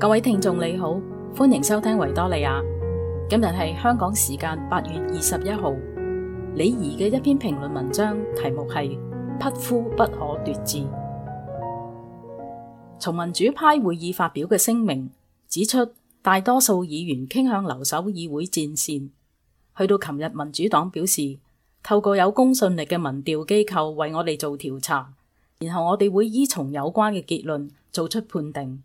各位聽眾你好，歡迎收聽維多利亞。今日係香港時間八月二十一號，李怡嘅一篇評論文章，題目係“匹夫不可奪志”。從民主派會議發表嘅聲明指出，大多數議員傾向留守議會戰線。去到琴日，民主黨表示透過有公信力嘅民調機構為我哋做調查，然後我哋會依從有關嘅結論做出判定。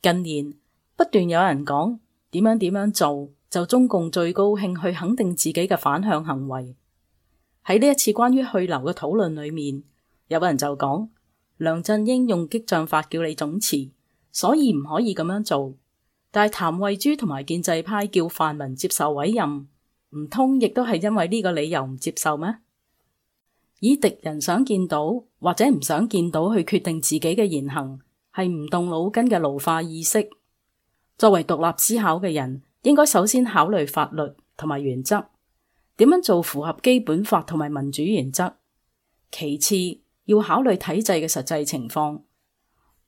近年不斷有人講點樣點樣做，就中共最高興去肯定自己嘅反向行為。喺呢一次關於去留嘅討論裏面，有人就講梁振英用激將法叫你總辭，所以唔可以咁樣做。但係譚慧珠同埋建制派叫泛民接受委任，唔通亦都係因為呢個理由唔接受咩？以敵人想見到或者唔想見到去決定自己嘅言行。係唔動腦筋嘅奴化意識。作為獨立思考嘅人，應該首先考慮法律同埋原則，點樣做符合基本法同埋民主原則。其次，要考慮體制嘅實際情況。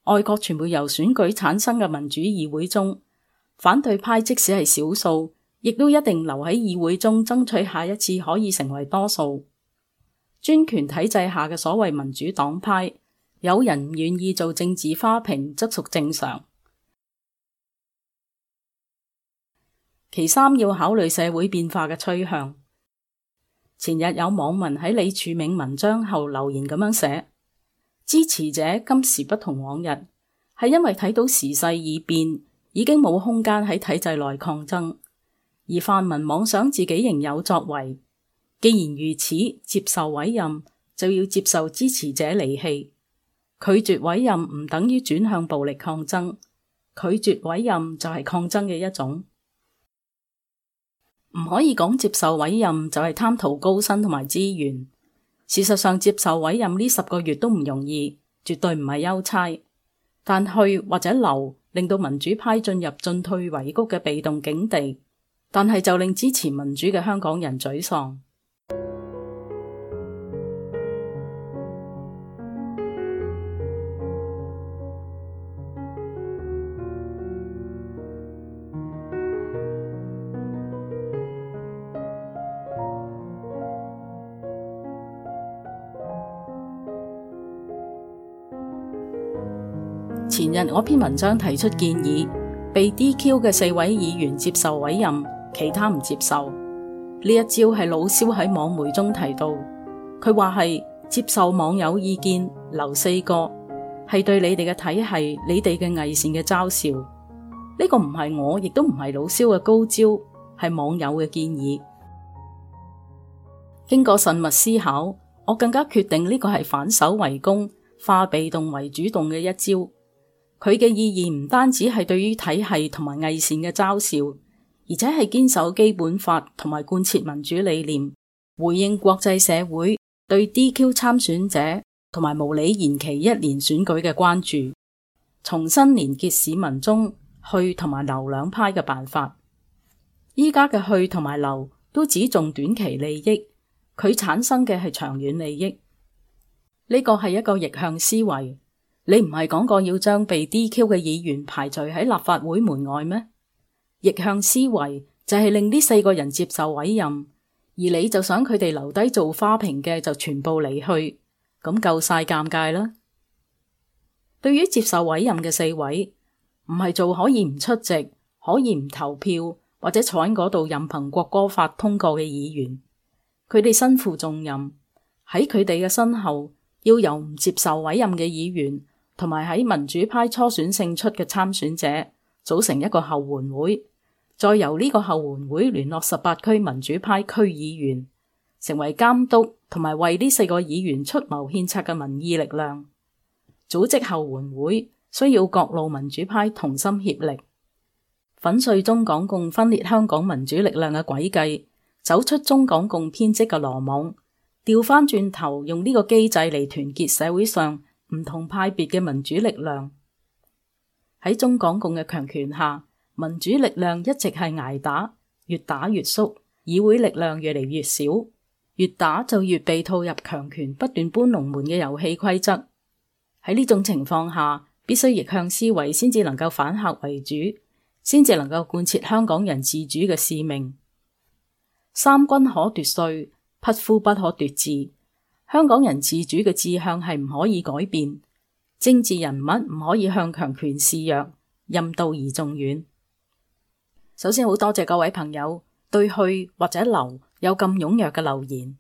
外國全部由選舉產生嘅民主議會中，反對派即使係少數，亦都一定留喺議會中爭取下一次可以成為多數。專權體制下嘅所謂民主黨派。有人唔願意做政治花瓶，則屬正常。其三，要考慮社會變化嘅趨向。前日有網民喺李柱銘文章後留言咁樣寫：支持者今時不同往日，係因為睇到時勢已變，已經冇空間喺體制內抗爭，而泛民妄想自己仍有作為。既然如此，接受委任就要接受支持者離棄。拒絕委任唔等於轉向暴力抗爭，拒絕委任就係抗爭嘅一種。唔可以講接受委任就係貪圖高薪同埋資源。事實上，接受委任呢十個月都唔容易，絕對唔係優差。但去或者留，令到民主派進入進退維谷嘅被動境地，但係就令支持民主嘅香港人沮喪。近日我篇文章提出建議，被 DQ 嘅四位議員接受委任，其他唔接受。呢一招係老蕭喺網媒中提到。佢話係接受網友意見，留四個係對你哋嘅體系，你哋嘅偽善嘅嘲笑。呢個唔係我，亦都唔係老蕭嘅高招，係網友嘅建議。經過慎密思考，我更加決定呢個係反守為攻，化被動為主動嘅一招。佢嘅意義唔單止係對於體系同埋偽善嘅嘲笑，而且係堅守基本法同埋貫徹民主理念，回應國際社會對 DQ 參選者同埋無理延期一年選舉嘅關注，重新連結市民中去同埋留兩派嘅辦法。依家嘅去同埋留都只重短期利益，佢產生嘅係長遠利益。呢個係一個逆向思維。你唔係講過要將被 DQ 嘅議員排除喺立法會門外咩？逆向思維就係令呢四個人接受委任，而你就想佢哋留低做花瓶嘅就全部離去咁，夠晒尷尬啦。對於接受委任嘅四位，唔係做可以唔出席、可以唔投票或者坐喺嗰度任憑國歌法通過嘅議員，佢哋身負重任喺佢哋嘅身後，要由唔接受委任嘅議員。同埋喺民主派初選勝出嘅參選者組成一個後援會，再由呢個後援會聯絡十八區民主派區議員，成為監督同埋為呢四個議員出謀獻策嘅民意力量。組織後援會需要各路民主派同心協力，粉碎中港共分裂香港民主力量嘅詭計，走出中港共編織嘅羅網，調返轉頭用呢個機制嚟團結社會上，唔同派別嘅民主力量喺，中港共嘅強權下，民主力量一直係捱打，越打越縮，議會力量越嚟越少，越打就越被套入強權不斷搬龍門嘅遊戲規則。喺呢種情況下，必須逆向思維，先至能夠反客為主，先至能夠貫徹香港人自主嘅使命。三軍可奪帥，匹夫不可奪志。香港人自主嘅志向係唔可以改變，政治人物唔可以向強權示弱，任道而重遠。首先好多謝各位朋友對去或者留有咁踊躍嘅留言，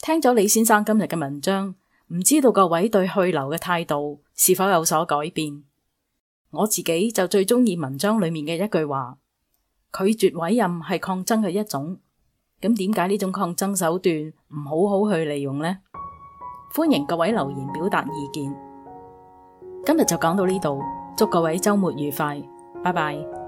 聽咗李先生今日嘅文章，唔知道各位對去留嘅態度是否有所改變？我自己就最中意文章裏面嘅一句話：拒絕委任係抗爭嘅一種。咁點解呢種抗爭手段唔好好去利用呢？歡迎各位留言表達意見。今日就講到呢度，祝各位周末愉快，拜拜。